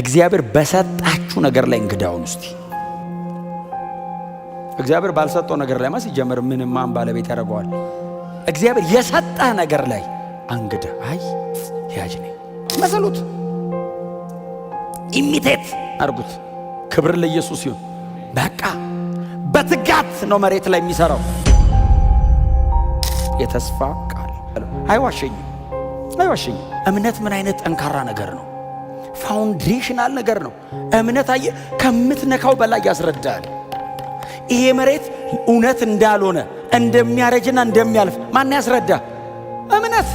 እግዚአብሔር በሰጣችሁ ነገር ላይ እንግዳውን እስቲ እግዚአብሔር ባልሰጠው ነገር ላይ ማ ሲጀምር ምንም ማን ባለቤት ያደርገዋል? እግዚአብሔር የሰጠ ነገር ላይ አንግዳ አይ ያጅ ነኝ መሰሉት ኢሚቴት አርጉት። ክብር ለኢየሱስ ይሁን። በቃ በትጋት ነው መሬት ላይ የሚሰራው። የተስፋ ቃል አይዋሸኝም፣ አይዋሸኝም። እምነት ምን አይነት ጠንካራ ነገር ነው! ፋውንዴሽናል ነገር ነው። እምነት አየ ከምትነካው በላይ ያስረዳል። ይሄ መሬት እውነት እንዳልሆነ እንደሚያረጅና እንደሚያልፍ ማን ያስረዳ? እምነት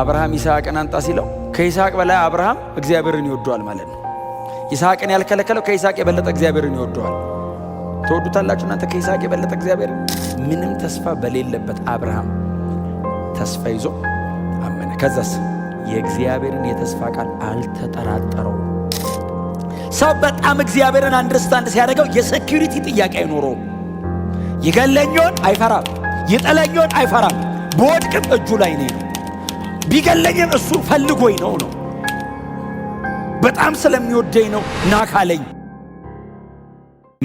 አብርሃም ይስሐቅን አንጣ ሲለው ከይስሐቅ በላይ አብርሃም እግዚአብሔርን ይወደዋል ማለት ነው። ይስሐቅን ያልከለከለው ከይስሐቅ የበለጠ እግዚአብሔርን ይወደዋል። ትወዱታላችሁ እናንተ ከይስሐቅ የበለጠ እግዚአብሔር። ምንም ተስፋ በሌለበት አብርሃም ተስፋ ይዞ አመነ። ከዛስ የእግዚአብሔርን የተስፋ ቃል አልተጠራጠረው። ሰው በጣም እግዚአብሔርን አንደርስታንድ ሲያደርገው የሴኪሪቲ ጥያቄ አይኖረውም። ይገለኛል አይፈራም። ይጠለኛል አይፈራም። በወድቅም እጁ ላይ ነው። ቢገለኝም እሱ ፈልጎኝ ነው ነው በጣም ስለሚወደኝ ነው ናካለኝ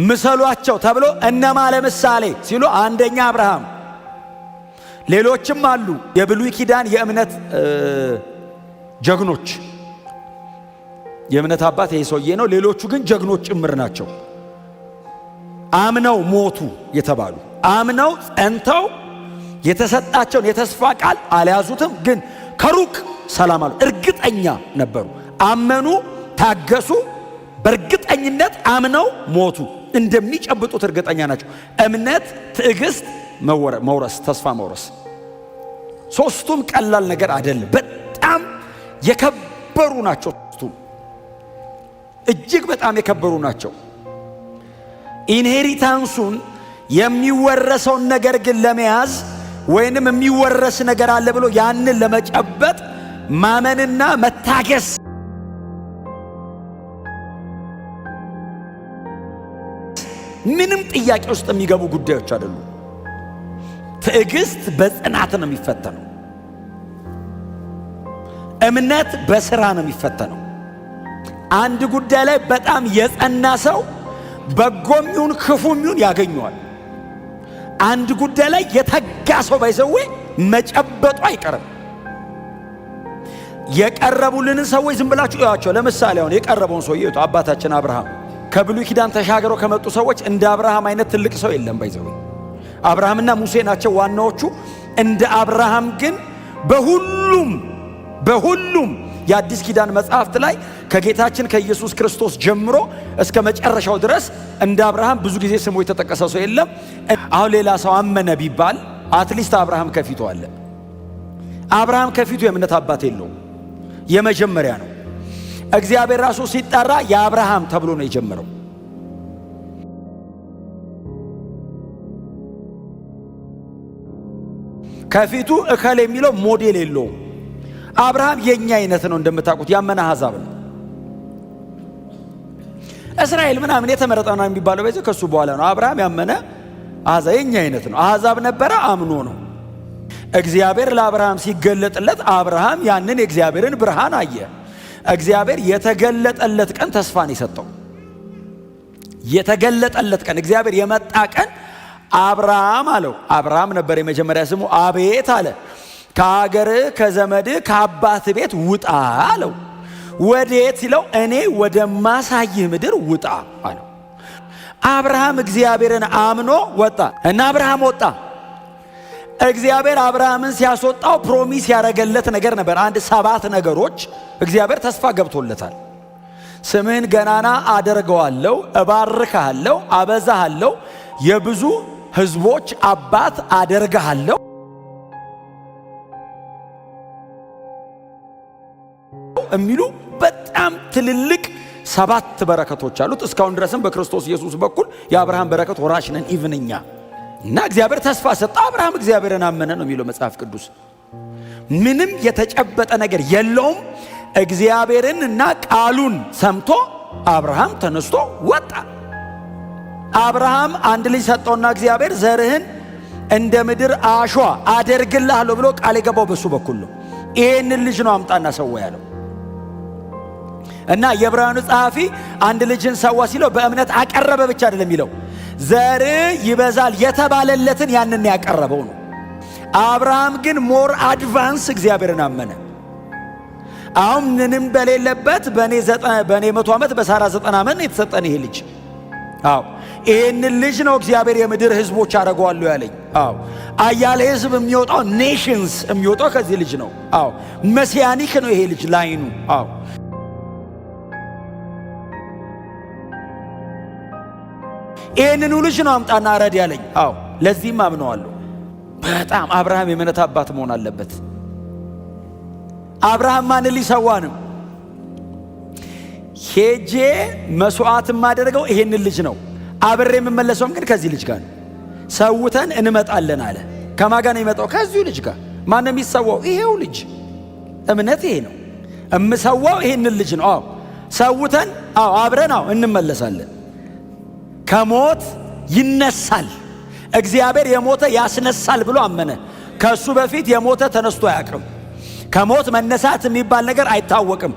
ምሰሏቸው ተብሎ እነማ ለምሳሌ ሲሉ አንደኛ አብርሃም ሌሎችም አሉ። የብሉይ ኪዳን የእምነት ጀግኖች የእምነት አባት ይሄ ሰውዬ ነው። ሌሎቹ ግን ጀግኖች ጭምር ናቸው። አምነው ሞቱ የተባሉ አምነው ጸንተው የተሰጣቸውን የተስፋ ቃል አልያዙትም፣ ግን ከሩቅ ሰላም አሉ። እርግጠኛ ነበሩ። አመኑ፣ ታገሱ። በእርግጠኝነት አምነው ሞቱ። እንደሚጨብጡት እርግጠኛ ናቸው። እምነት፣ ትዕግስት፣ መውረስ፣ ተስፋ መውረስ ሶስቱም ቀላል ነገር አይደለም። የከበሩ ናቸው። ሶስቱም እጅግ በጣም የከበሩ ናቸው። ኢንሄሪታንሱን የሚወረሰውን ነገር ግን ለመያዝ ወይንም የሚወረስ ነገር አለ ብሎ ያንን ለመጨበጥ ማመንና መታገስ ምንም ጥያቄ ውስጥ የሚገቡ ጉዳዮች አይደሉም። ትዕግስት በጽናት ነው የሚፈተነው። እምነት በስራ ነው የሚፈተነው። አንድ ጉዳይ ላይ በጣም የጸና ሰው በጎም ይሁን ክፉም ይሁን ያገኘዋል። አንድ ጉዳይ ላይ የተጋ ሰው ባይዘዌ መጨበጡ አይቀርም። የቀረቡልንን ሰዎች ዝም ብላችሁ እያቸው። ለምሳሌ አሁን የቀረበውን ሰው እዩት። አባታችን አብርሃም ከብሉይ ኪዳን ተሻግረው ከመጡ ሰዎች እንደ አብርሃም አይነት ትልቅ ሰው የለም። ባይዘዌ አብርሃምና ሙሴ ናቸው ዋናዎቹ። እንደ አብርሃም ግን በሁሉም በሁሉም የአዲስ ኪዳን መጽሐፍት ላይ ከጌታችን ከኢየሱስ ክርስቶስ ጀምሮ እስከ መጨረሻው ድረስ እንደ አብርሃም ብዙ ጊዜ ስሙ የተጠቀሰ ሰው የለም። አሁን ሌላ ሰው አመነ ቢባል አትሊስት አብርሃም ከፊቱ አለ። አብርሃም ከፊቱ የእምነት አባት የለውም፣ የመጀመሪያ ነው። እግዚአብሔር ራሱ ሲጠራ የአብርሃም ተብሎ ነው የጀመረው። ከፊቱ እከል የሚለው ሞዴል የለውም። አብርሃም የኛ አይነት ነው እንደምታውቁት ያመነ አሕዛብ ነው። እስራኤል ምናምን የተመረጠ ነው የሚባለው በዚህ ከሱ በኋላ ነው። አብርሃም ያመነ አሕዛብ የኛ አይነት ነው። አሕዛብ ነበረ አምኖ ነው። እግዚአብሔር ለአብርሃም ሲገለጥለት አብርሃም ያንን የእግዚአብሔርን ብርሃን አየ። እግዚአብሔር የተገለጠለት ቀን ተስፋን የሰጠው የተገለጠለት ቀን እግዚአብሔር የመጣ ቀን አብርሃም አለው። አብርሃም ነበር የመጀመሪያ ስሙ። አቤት አለ ከአገር ከዘመድህ ከአባት ቤት ውጣ አለው። ወዴት ሲለው እኔ ወደማሳይህ ምድር ውጣ አለው። አብርሃም እግዚአብሔርን አምኖ ወጣ እና አብርሃም ወጣ። እግዚአብሔር አብርሃምን ሲያስወጣው ፕሮሚስ ያደረገለት ነገር ነበር። አንድ ሰባት ነገሮች እግዚአብሔር ተስፋ ገብቶለታል። ስምህን ገናና አደርገዋለሁ፣ እባርካለሁ፣ አበዛሃለሁ፣ የብዙ ሕዝቦች አባት አደርግሃለሁ የሚሉ በጣም ትልልቅ ሰባት በረከቶች አሉት። እስካሁን ድረስም በክርስቶስ ኢየሱስ በኩል የአብርሃም በረከት ወራሽ ነን ኢቭንኛ እና እግዚአብሔር ተስፋ ሰጠው። አብርሃም እግዚአብሔርን አመነ ነው የሚለው መጽሐፍ ቅዱስ። ምንም የተጨበጠ ነገር የለውም። እግዚአብሔርን እና ቃሉን ሰምቶ አብርሃም ተነስቶ ወጣ። አብርሃም አንድ ልጅ ሰጠውና እግዚአብሔር ዘርህን እንደ ምድር አሸዋ አደርግልሃለሁ ብሎ ቃል የገባው በሱ በኩል ነው። ይህንን ልጅ ነው አምጣና ሰው ያለው። እና የዕብራውያኑ ጸሐፊ አንድ ልጅን ሰዋ ሲለው በእምነት አቀረበ ብቻ አይደለም የሚለው ዘር ይበዛል የተባለለትን ያንን ያቀረበው ነው። አብርሃም ግን ሞር አድቫንስ እግዚአብሔርን አመነ። አሁን ምንም በሌለበት በእኔ መቶ ዓመት በሳራ ዘጠና ዓመት የተሰጠን ይሄ ልጅ አዎ ይህንን ልጅ ነው እግዚአብሔር የምድር ህዝቦች አደረገዋለሁ ያለኝ። አዎ አያሌ ህዝብ የሚወጣው ኔሽንስ የሚወጣው ከዚህ ልጅ ነው። አዎ መሲያኒክ ነው ይሄ ልጅ ላይኑ። አዎ ይህንን ልጅ ነው አምጣና ረድ ያለኝ። አዎ ለዚህም አምነዋለሁ። በጣም አብርሃም የእምነት አባት መሆን አለበት። አብርሃም ማን ሊሰዋንም ሄጄ መስዋዕት የማደርገው ይሄንን ልጅ ነው፣ አብሬ የምመለሰውም ግን ከዚህ ልጅ ጋር ሰውተን እንመጣለን አለ። ከማን ጋር ነው የመጣው? ከዚሁ ልጅ ጋር። ማን ነው የሚሰዋው? ይሄው ልጅ። እምነት ይሄ ነው። እምሰዋው ይሄንን ልጅ ነው። አዎ ሰውተን፣ አዎ አብረን፣ አዎ እንመለሳለን ከሞት ይነሳል። እግዚአብሔር የሞተ ያስነሳል ብሎ አመነ። ከእሱ በፊት የሞተ ተነስቶ አያውቅም። ከሞት መነሳት የሚባል ነገር አይታወቅም።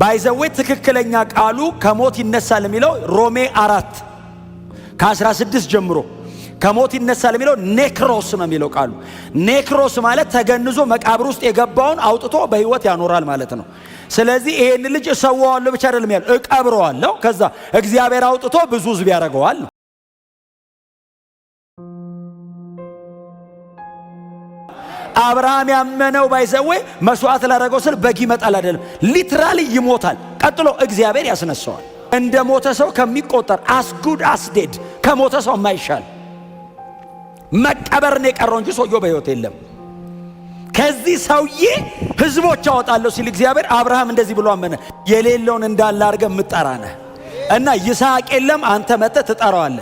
ባይዘዌት ትክክለኛ ቃሉ ከሞት ይነሳል የሚለው ሮሜ አራት ከ16 ጀምሮ ከሞት ይነሳል የሚለው ኔክሮስ ነው የሚለው ቃሉ። ኔክሮስ ማለት ተገንዞ መቃብር ውስጥ የገባውን አውጥቶ በሕይወት ያኖራል ማለት ነው። ስለዚህ ይሄን ልጅ እሰዋዋለሁ ብቻ አይደለም ያለው እቀብረዋለሁ። ከዛ እግዚአብሔር አውጥቶ ብዙ ህዝብ ያደርገዋል። አብርሃም ያመነው ባይዘዌ መስዋዕት ላደረገው ስል በግ ይመጣል አይደለም፣ ሊትራሊ ይሞታል። ቀጥሎ እግዚአብሔር ያስነሳዋል። እንደ ሞተ ሰው ከሚቆጠር አስ አስዴድ ከሞተ ሰው የማይሻል መቀበርን የቀረው እንጂ ሰውየው በሕይወት የለም። ከዚህ ሰውዬ ህዝቦች አወጣለሁ ሲል እግዚአብሔር አብርሃም እንደዚህ ብሎ አመነ። የሌለውን እንዳለ አድርገ የምጠራ ነህ እና ይስሐቅ የለም አንተ መጠ ትጠራዋለ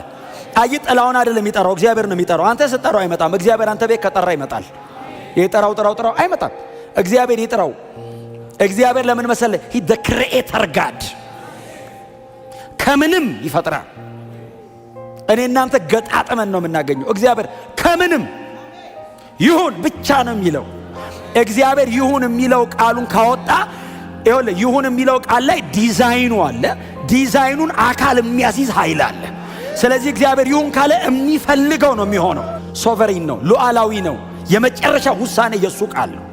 አይ ጥላውን አይደለም የሚጠራው እግዚአብሔር ነው የሚጠራው። አንተ ስጠራው አይመጣም። እግዚአብሔር አንተ ቤት ከጠራ ይመጣል። የጠራው ጥራው ጥራው አይመጣም። እግዚአብሔር ይጥራው። እግዚአብሔር ለምን መሰለ ሂ ደ ክሬኤተር ጋድ ከምንም ይፈጥራል። እኔ እናንተ ገጣጥመን ነው የምናገኘው። እግዚአብሔር ከምንም ይሁን ብቻ ነው የሚለው። እግዚአብሔር ይሁን የሚለው ቃሉን ካወጣ ይኸውልህ ይሁን የሚለው ቃል ላይ ዲዛይኑ አለ። ዲዛይኑን አካል የሚያስይዝ ኃይል አለ። ስለዚህ እግዚአብሔር ይሁን ካለ የሚፈልገው ነው የሚሆነው። ሶቨሪን ነው፣ ሉዓላዊ ነው። የመጨረሻ ውሳኔ የእሱ ቃል ነው።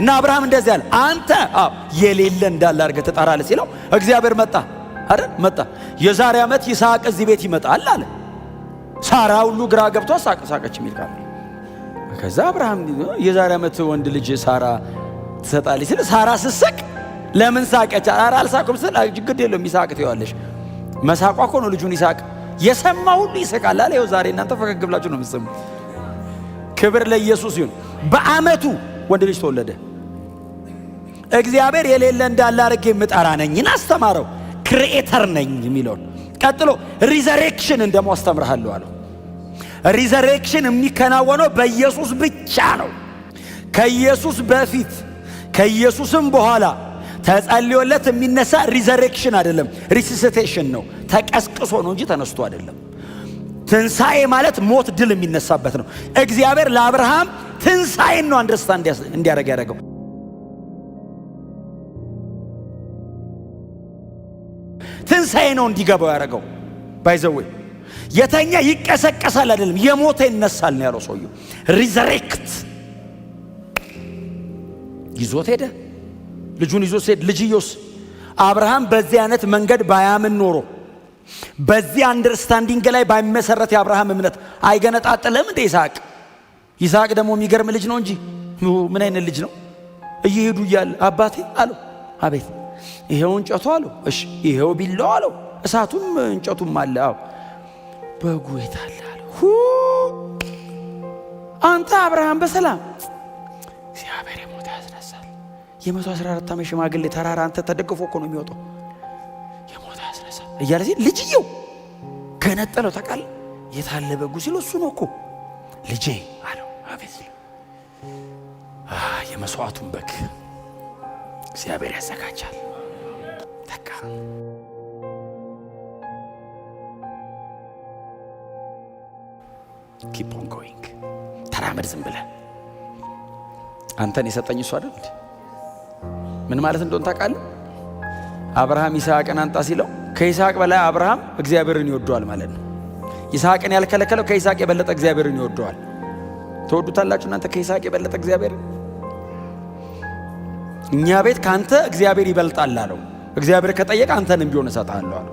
እና አብርሃም እንደዚህ አለ፣ አንተ የሌለ እንዳለ አድርገህ ትጠራለህ ሲለው እግዚአብሔር መጣ አይደል? መጣ። የዛሬ ዓመት ይስሐቅ እዚህ ቤት ይመጣል አለ። ሳራ ሁሉ ግራ ገብቷ ሳቀሳቀች የሚል ቃል ከዛ አብርሃም የዛሬ ዓመት ወንድ ልጅ ሳራ ትሰጣለች ስል ሳራ ስትስቅ ለምን ሳቀች? ኧረ አልሳቅም ስል ግድ የለውም ይሳቅ ትይዋለሽ። መሳቋ እኮ ነው ልጁን ይሳቅ። የሰማ ሁሉ ይስቃል አለ። ይኸው ዛሬ እናንተ ፈገግ ብላችሁ ነው የምትሰሙት። ክብር ለኢየሱስ ይሁን። በአመቱ ወንድ ልጅ ተወለደ። እግዚአብሔር የሌለ እንዳለ አድርጌ የምጠራ ነኝን አስተማረው። ክሪኤተር ነኝ የሚለውን ቀጥሎ ሪዘሬክሽን ደግሞ አስተምርሃለሁ አለው። ሪዘሬክሽን የሚከናወነው በኢየሱስ ብቻ ነው። ከኢየሱስ በፊት ከኢየሱስም በኋላ ተጸልዮለት የሚነሳ ሪዘሬክሽን አይደለም፣ ሪሲሲቴሽን ነው። ተቀስቅሶ ነው እንጂ ተነስቶ አይደለም። ትንሣኤ ማለት ሞት ድል የሚነሳበት ነው። እግዚአብሔር ለአብርሃም ትንሣኤን ነው አንደርስታንድ እንዲያደርግ ያደረገው። ትንሣኤ ነው እንዲገባው ያደረገው። ባይዘዌ የተኛ ይቀሰቀሳል አይደለም፣ የሞተ ይነሳል ነው ያለው ሰውየው። ሪዘሬክት ይዞት ሄደ። ልጁን ይዞት ሄድ። ልጅዮስ አብርሃም በዚህ አይነት መንገድ ባያምን ኖሮ በዚህ አንደርስታንዲንግ ላይ ባይመሰረት የአብርሃም እምነት አይገነጣጥልም እንደ ይስሐቅ። ይስሐቅ ደግሞ የሚገርም ልጅ ነው እንጂ ምን አይነት ልጅ ነው! እየሄዱ እያለ አባቴ አለው አቤት ይሄው እንጨቱ አለው። እሺ ይሄው ቢላው አለው። እሳቱም እንጨቱም አለ። አዎ በጉ የታለ አለው። ሁ አንተ አብርሃም በሰላም እግዚአብሔር የሞተ ያስነሳል። የመቶ አስራ አራት ዓመት ሽማግሌ ተራራ አንተ ተደግፎ እኮ ነው የሚወጣው። የሞተ ያስነሳል እያለ ሲል ልጅየው ገነጠለው። ታውቃለህ የታለ በጉ ሲል እሱ ነው እኮ ልጄ አለው። አቤት የመስዋዕቱን በግ እግዚአብሔር ያዘጋጃል። ተካ። ኪፕ ኦን ጎይንግ ተራመድ። ዝም ብለህ አንተን የሰጠኝ እሱ አይደል? ምን ማለት እንደሆን ታውቃለህ? አብርሃም ይስሐቅን አንጣ ሲለው ከይስሐቅ በላይ አብርሃም እግዚአብሔርን ይወደዋል ማለት ነው። ይስሐቅን ያልከለከለው ከይስሐቅ የበለጠ እግዚአብሔርን ይወደዋል። ተወዱታላችሁ እናንተ ከይስሐቅ የበለጠ እግዚአብሔርን። እኛ ቤት ከአንተ እግዚአብሔር ይበልጣል አለው። እግዚአብሔር ከጠየቀ አንተንም ቢሆን እሰጥሃለሁ አለ።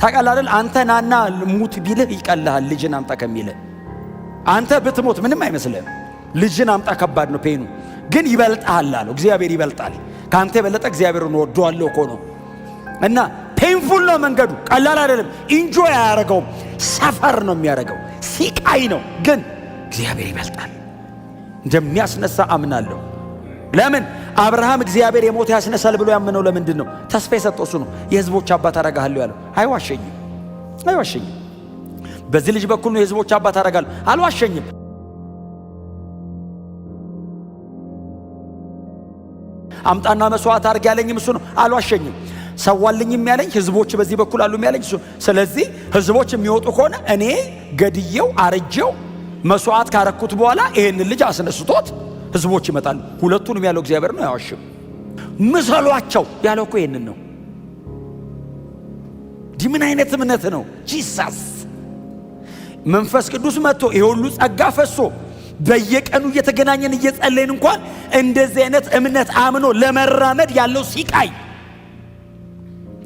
ታውቃለህ አንተ ናና ሙት ቢልህ ይቀልሃል፣ ልጅን አምጣ ከሚልህ። አንተ ብትሞት ምንም አይመስልህም። ልጅን አምጣ ከባድ ነው ፔኑ፣ ግን ይበልጣል አለው። እግዚአብሔር ይበልጣል። ከአንተ የበለጠ እግዚአብሔርን ወደዋለሁ እኮ ነው። እና ፔንፉል ነው መንገዱ፣ ቀላል አይደለም። ኢንጆይ አያረገውም ሰፈር ነው የሚያደርገው፣ ሲቃይ ነው። ግን እግዚአብሔር ይበልጣል፣ እንደሚያስነሳ አምናለሁ። ለምን አብርሃም እግዚአብሔር የሞተ ያስነሳል ብሎ ያመነው ለምንድን ነው? ተስፋ የሰጠው እሱ ነው። የህዝቦች አባት አረጋለሁ ያለው አይዋሸኝም፣ አይዋሸኝም። በዚህ ልጅ በኩል ነው የህዝቦች አባት አረጋለሁ። አልዋሸኝም። አምጣና መስዋዕት አድርግ ያለኝም እሱ ነው። አልዋሸኝም። ሰዋልኝም ያለኝ ህዝቦች በዚህ በኩል አሉ ያለኝ እሱ። ስለዚህ ህዝቦች የሚወጡ ከሆነ እኔ ገድየው አርጀው መስዋዕት ካረኩት በኋላ ይህንን ልጅ አስነስቶት ህዝቦች ይመጣሉ። ሁለቱንም ያለው እግዚአብሔር ነው፣ አያዋሽም። ምሰሏቸው ያለው እኮ ይህንን ነው። ምን አይነት እምነት ነው? ጂሳስ መንፈስ ቅዱስ መጥቶ የሁሉ ሁሉ ጸጋ ፈሶ በየቀኑ እየተገናኘን እየጸለይን እንኳን እንደዚህ አይነት እምነት አምኖ ለመራመድ ያለው ሲቃይ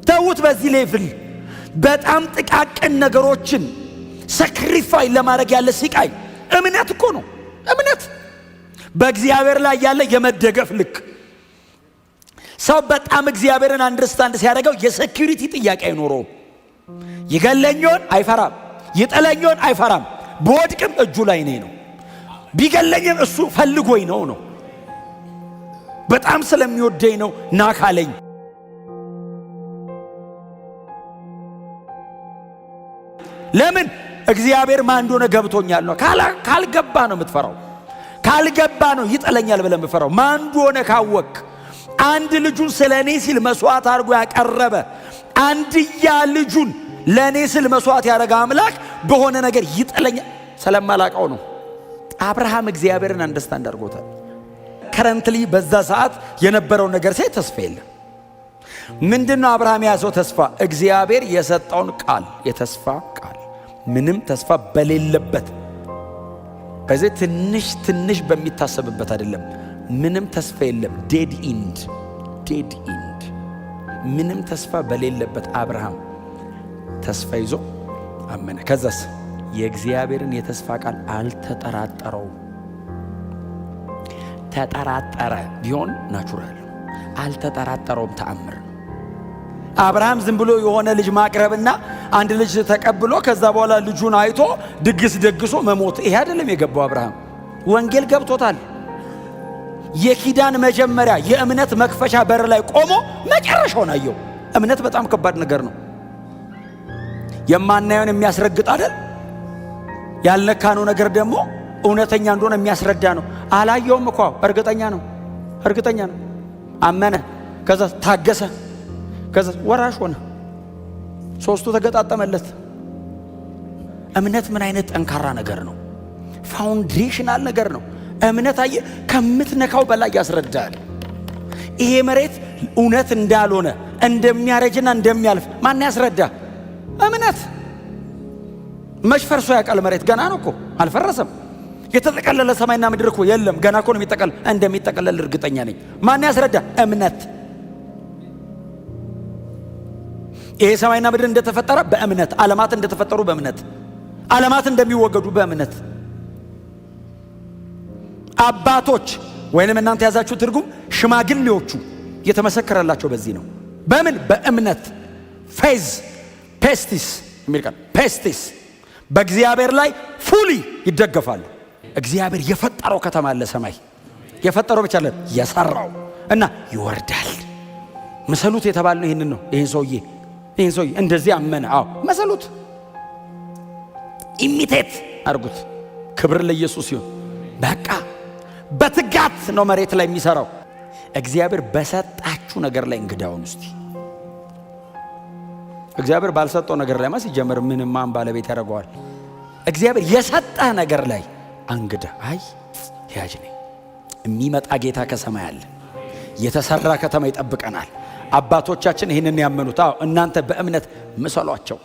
ተዉት። በዚህ ሌቭል በጣም ጥቃቅን ነገሮችን ሰክሪፋይ ለማድረግ ያለ ሲቃይ እምነት እኮ ነው እምነት በእግዚአብሔር ላይ ያለ የመደገፍ ልክ ሰው በጣም እግዚአብሔርን አንድርስታንድ ሲያደርገው የሴኪሪቲ ጥያቄ አይኖረውም። ይገለኞን አይፈራም፣ ይጠለኞን አይፈራም። በወድቅም እጁ ላይ ነኝ ነው፣ ቢገለኝም እሱ ፈልጎኝ ነው ነው በጣም ስለሚወደኝ ነው ናካለኝ። ለምን እግዚአብሔር ማን እንደሆነ ገብቶኛል ነው። ካልገባ ነው የምትፈራው። ካልገባ ነው ይጠለኛል ብለን ብፈራው ማን እንደሆነ ካወቅ አንድ ልጁን ስለ እኔ ሲል መስዋዕት አድርጎ ያቀረበ አንድያ ልጁን ለእኔ ስል መስዋዕት ያደረገ አምላክ በሆነ ነገር ይጠለኛል ስለማላቀው ነው። አብርሃም እግዚአብሔርን አንደርስታንድ አድርጎታል። ከረንትሊ በዛ ሰዓት የነበረውን ነገር ሳይ ተስፋ የለም። ምንድነው አብርሃም የያዘው ተስፋ? እግዚአብሔር የሰጠውን ቃል የተስፋ ቃል ምንም ተስፋ በሌለበት በዚህ ትንሽ ትንሽ በሚታሰብበት አይደለም። ምንም ተስፋ የለም። ዴድ ኢንድ ዴድ ኢንድ ምንም ተስፋ በሌለበት አብርሃም ተስፋ ይዞ አመነ። ከዛስ የእግዚአብሔርን የተስፋ ቃል አልተጠራጠረው ተጠራጠረ ቢሆን ናቹራል አልተጠራጠረውም። ተአምር አብርሃም ዝም ብሎ የሆነ ልጅ ማቅረብና አንድ ልጅ ተቀብሎ ከዛ በኋላ ልጁን አይቶ ድግስ ደግሶ መሞት ይሄ አይደለም የገባው አብርሃም። ወንጌል ገብቶታል። የኪዳን መጀመሪያ የእምነት መክፈቻ በር ላይ ቆሞ መጨረሻውን አየው። እምነት በጣም ከባድ ነገር ነው። የማናየውን የሚያስረግጥ አይደል? ያልነካነው ነገር ደግሞ እውነተኛ እንደሆነ የሚያስረዳ ነው። አላየውም እኳ እርግጠኛ ነው፣ እርግጠኛ ነው። አመነ፣ ከዛ ታገሰ ከዛ ወራሽ ሆነ። ሶስቱ ተገጣጠመለት። እምነት ምን አይነት ጠንካራ ነገር ነው! ፋውንዴሽናል ነገር ነው። እምነት አየ ከምትነካው በላይ ያስረዳል። ይሄ መሬት እውነት እንዳልሆነ እንደሚያረጅና እንደሚያልፍ ማን ያስረዳ? እምነት መች ፈርሶ ያውቃል? መሬት ገና ነው እኮ አልፈረሰም። የተጠቀለለ ሰማይና ምድር እኮ የለም ገና እኮ ነው የሚጠቀል እንደሚጠቀለል እርግጠኛ ነኝ። ማን ያስረዳ? እምነት ይሄ ሰማይና ምድር እንደተፈጠረ በእምነት ዓለማት እንደተፈጠሩ በእምነት ዓለማት እንደሚወገዱ በእምነት አባቶች ወይንም እናንተ ያዛችሁ ትርጉም ሽማግሌዎቹ የተመሰከረላቸው በዚህ ነው። በምን በእምነት ፌዝ ፔስቲስ የሚል ቃል ፔስቲስ በእግዚአብሔር ላይ ፉሊ ይደገፋሉ። እግዚአብሔር የፈጠረው ከተማ አለ ሰማይ የፈጠረው ብቻ አለ የሰራው እና ይወርዳል። ምሰሉት የተባልነው ይህንን ነው። ይህን ሰውዬ ይህን ሰው እንደዚህ አመነ። አዎ መሰሉት፣ ኢሚቴት አድርጉት። ክብር ለኢየሱስ ይሁን። በቃ በትጋት ነው መሬት ላይ የሚሰራው። እግዚአብሔር በሰጣችሁ ነገር ላይ እንግዳውን ውስጥ እግዚአብሔር ባልሰጠው ነገር ላይ ማ ሲጀምር ምንም ማን ባለቤት ያደርገዋል? እግዚአብሔር የሰጠህ ነገር ላይ አንግዳ። አይ ያጅ ነኝ የሚመጣ ጌታ ከሰማይ አለ። የተሰራ ከተማ ይጠብቀናል። አባቶቻችን ይህንን ያመኑት። አዎ እናንተ በእምነት ምሰሏቸው።